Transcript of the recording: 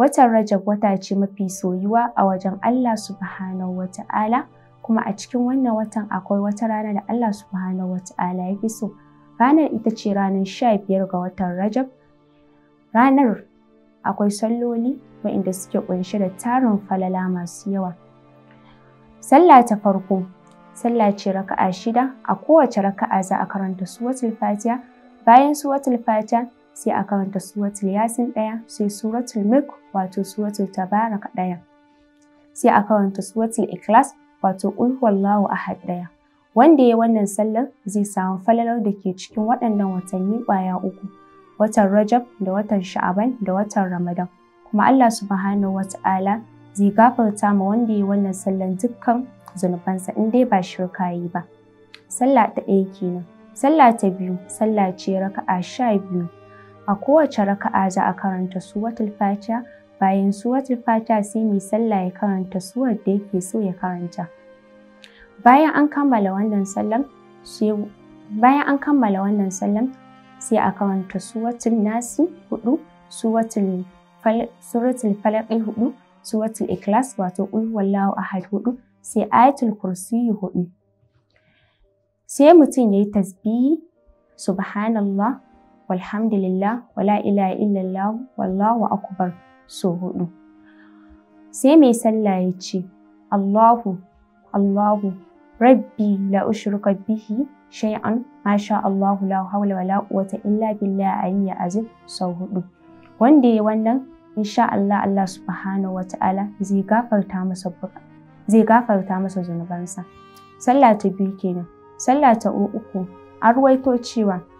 Watan Rajab wata ce mafi soyuwa a wajen Allah subhanahu wa ta'ala kuma a cikin wannan watan akwai wata rana da Allah subhanahu wa ta'ala ya fi so. Ranar ita ce ranar sha biyar ga watan Rajab. Ranar akwai salloli waɗanda suke ƙunshe da tarin falala masu yawa. Sallah ta farko, sallah ce raka'a shida, a kowace raka'a za a karanta suwatul fatiha, bayan suwatul fatiha sai a karanta suratul yasin ɗaya sai suratul mulk wato suratul tabaraka ɗaya sai a karanta suratul ikhlas wato qul huwallahu ahad ɗaya wanda ya wannan sallar zai samu falalar da ke cikin waɗannan watanni ƙwaya uku watan rajab da watan sha'aban da watan ramadan kuma allah subhanahu wata'ala zai gafarta ma wanda ya wannan sallar dukkan zunubansa in dai ba shirka yi ba sallah ta ɗaya kenan sallah ta biyu sallah ce raka'a sha biyu A kowace raka'a za a karanta suwatul fatiha bayan suwatul fatiha sai mai sallah ya karanta suwar da yake so ya karanta. Bayan an kammala wannan sallam sai bayan an kammala wannan sai a karanta suwatul nasi hudu suwatul suratul falaqi hudu suratul ikhlas wato qul huwallahu ahad hudu sai ayatul kursi hudu sai mutum ya yi tasbihi subhanallah walhamdulillah wala ila illallah wallahu akbar so hudu sai mai sallah ya ce Allahu Allahu rabbi la ushrika bihi shay'an sha Allahu la hawla wala quwwata illa billah aliyya azim so hudu wanda ya wannan insha Allah Allah subhanahu wata'ala zai gafarta masa zai gafarta masa zunubansa sallah ta biyu kenan sallah ta uku arwaito cewa